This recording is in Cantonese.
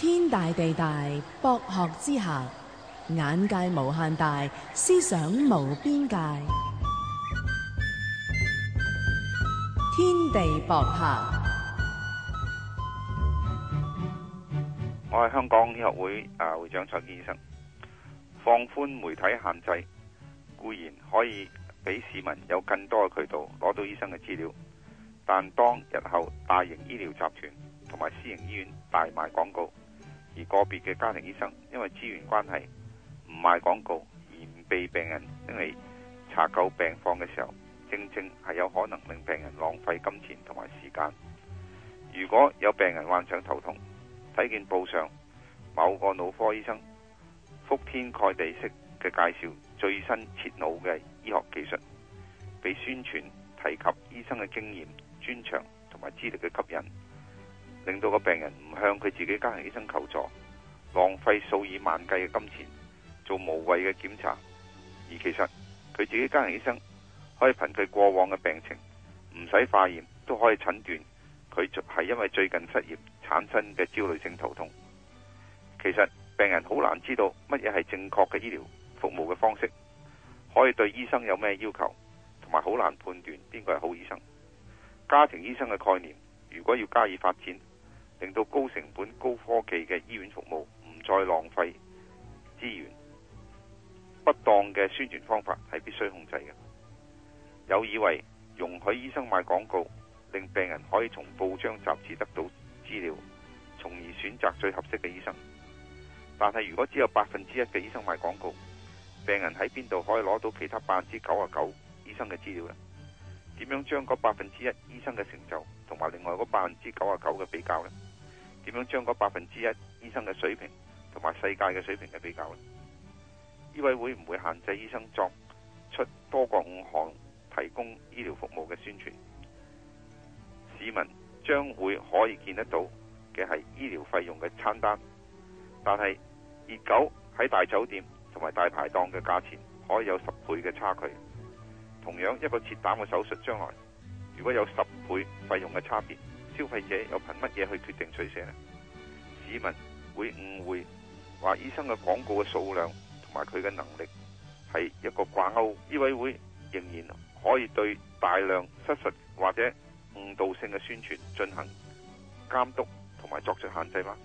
天大地大，博學之下，眼界無限大，思想無邊界。天地博客，我係香港醫學會啊會長蔡堅醫生。放寬媒體限制固然可以俾市民有更多嘅渠道攞到醫生嘅資料，但當日後大型醫療集團同埋私營醫院大賣廣告，而個別嘅家庭醫生，因為資源關係，唔賣廣告而唔被病人拎嚟查究病況嘅時候，正正係有可能令病人浪費金錢同埋時間。如果有病人患上頭痛，睇見報上某個腦科醫生覆天蓋地式嘅介紹最新切腦嘅醫學技術，俾宣傳提及醫生嘅經驗、專長同埋資歷嘅吸引。令到個病人唔向佢自己家庭醫生求助，浪費數以萬計嘅金錢，做無謂嘅檢查，而其實佢自己家庭醫生可以憑佢過往嘅病情，唔使化驗都可以診斷佢係因為最近失業產生嘅焦慮性頭痛。其實病人好難知道乜嘢係正確嘅醫療服務嘅方式，可以對醫生有咩要求，同埋好難判斷邊個係好醫生。家庭醫生嘅概念如果要加以發展。令到高成本、高科技嘅醫院服務唔再浪費資源，不當嘅宣傳方法係必須控制嘅。有以為容許醫生賣廣告，令病人可以從報章雜誌得到資料，從而選擇最合適嘅醫生。但係如果只有百分之一嘅醫生賣廣告，病人喺邊度可以攞到其他百分之九啊九醫生嘅資料呢？點樣將嗰百分之一醫生嘅成就同埋另外嗰百分之九啊九嘅比較呢？點樣將嗰百分之一醫生嘅水平同埋世界嘅水平嘅比較呢？醫委會唔會限制醫生作出多過五行提供醫療服務嘅宣傳？市民將會可以見得到嘅係醫療費用嘅餐單，但係熱狗喺大酒店同埋大排檔嘅價錢可以有十倍嘅差距。同樣一個切膽嘅手術，將來如果有十倍費用嘅差別，消費者又憑乜嘢去決定取捨呢？市民會誤會話醫生嘅廣告嘅數量同埋佢嘅能力係一個掛鈎，醫委會仍然可以對大量失實或者誤導性嘅宣傳進行監督同埋作出限制嗎？